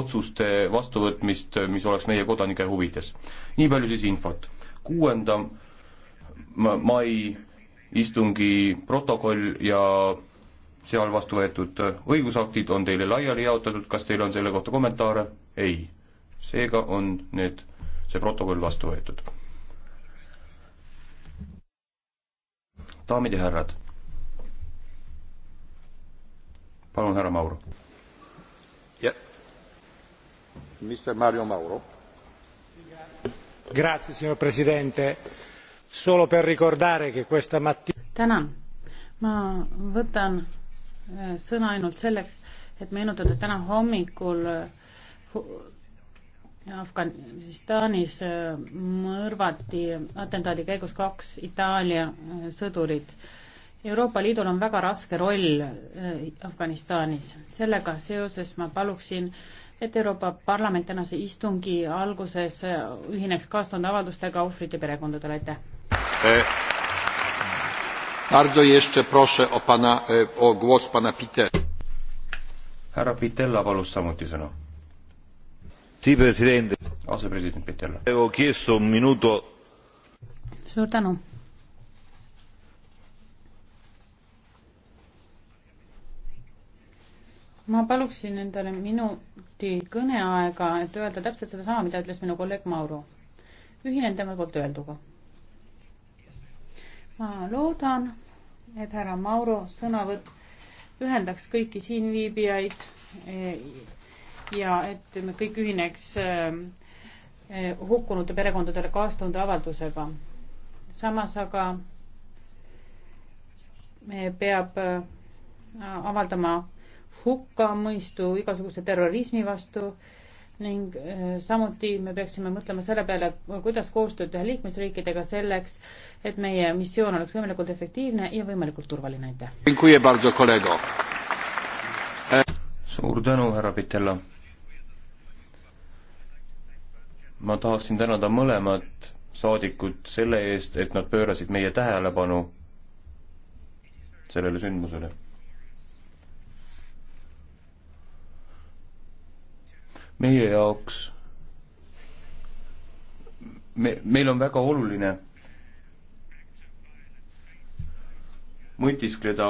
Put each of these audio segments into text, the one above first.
otsuste vastuvõtmist, mis oleks meie kodanike huvides. nii palju siis infot. kuuenda mai istungi protokoll ja seal vastu võetud õigusaktid on teile laiali jaotatud, kas teil on selle kohta kommentaare? ei. seega on need, see protokoll vastu võetud. daamid ja härrad, palun härra Maur. jah signor presidente solo per ricordare che questa mattina. tänan ma võtan eh, sõna ainult selleks et meenutada et täna hommikul afganistanis eh, mõrvati atentaadi käigus kaks itaalia eh, sõdurit Euroopa Liidul on väga raske roll äh, Afganistanis. sellega seoses ma paluksin, et Euroopa Parlament tänase istungi alguses äh, ühineks kaastunde avaldustega ohvrite perekondadele, aitäh eh,! Bardzo jeszcze proszę o pana, e, o głos pana Pite. härra Pitella palus samuti sõna. asepresident Pitella. suur tänu ma paluksin endale minuti kõneaega, et öelda täpselt sedasama, mida ütles minu kolleeg Mauro. ühinen tema poolt öelduga. ma loodan, et härra Mauro sõnavõtt ühendaks kõiki siinviibijaid e, ja et me kõik ühineks e, e, hukkunute perekondadele kaastunde avaldusega. samas aga peab avaldama hukkamõistu igasuguse terrorismi vastu ning äh, samuti me peaksime mõtlema selle peale, kuidas koostööd teha liikmesriikidega selleks, et meie missioon oleks võimalikult efektiivne ja võimalikult turvaline, aitäh! E- suur tänu, härra Pitella! ma tahaksin tänada mõlemat saadikut selle eest, et nad pöörasid meie tähelepanu sellele sündmusele meie jaoks, me, meil on väga oluline mõtiskleda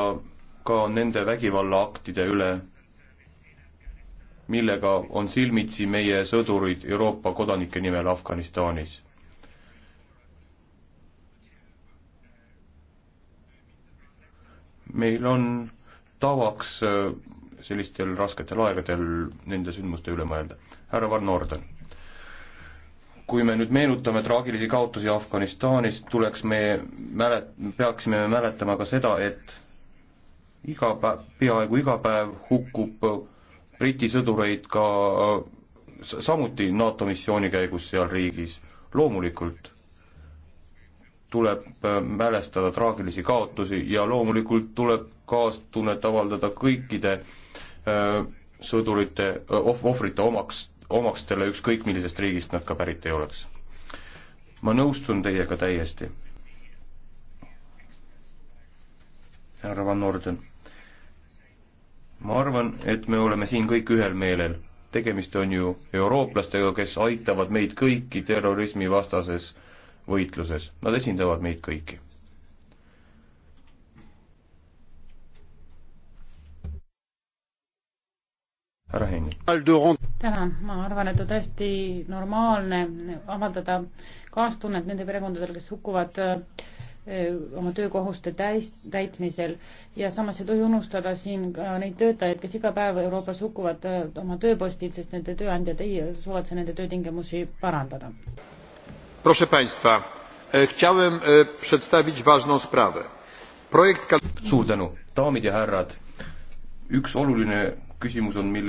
ka nende vägivallaaktide üle, millega on silmitsi meie sõdurid Euroopa kodanike nimel Afganistanis. meil on tavaks äh, sellistel rasketel aegadel nende sündmuste üle mõelda. härra Van Orden, kui me nüüd meenutame traagilisi kaotusi Afganistanis, tuleks me mälet-, peaksime me mäletama ka seda, et iga päev, peaaegu iga päev hukkub Briti sõdureid ka samuti NATO missiooni käigus seal riigis. loomulikult tuleb äh, mälestada traagilisi kaotusi ja loomulikult tuleb kaastunnet avaldada kõikide äh, Äh, sõdurite, äh, ohvrite omaks, omastele, ükskõik millisest riigist nad ka pärit ei oleks. ma nõustun teiega täiesti. härra Van Orden, ma arvan, et me oleme siin kõik ühel meelel tegemist on ju eurooplastega, kes aitavad meid kõiki terrorismivastases võitluses. Nad esindavad meid kõiki. härra Henni. tänan, ma arvan, et on täiesti normaalne avaldada kaastunnet nende perekondadel, kes hukkuvad äh, oma töökohuste täis, täitmisel ja samas ei tohi unustada siin ka neid töötajaid, kes iga päev Euroopas hukkuvad äh, oma tööpostil, sest nende tööandjad ei suvatse nende töötingimusi parandada. Proszę Państwa, e, chciałem e, przedstawić ważną sprawę. Projekt... suur tänu, daamid ja härrad, üks oluline küsimus on, mille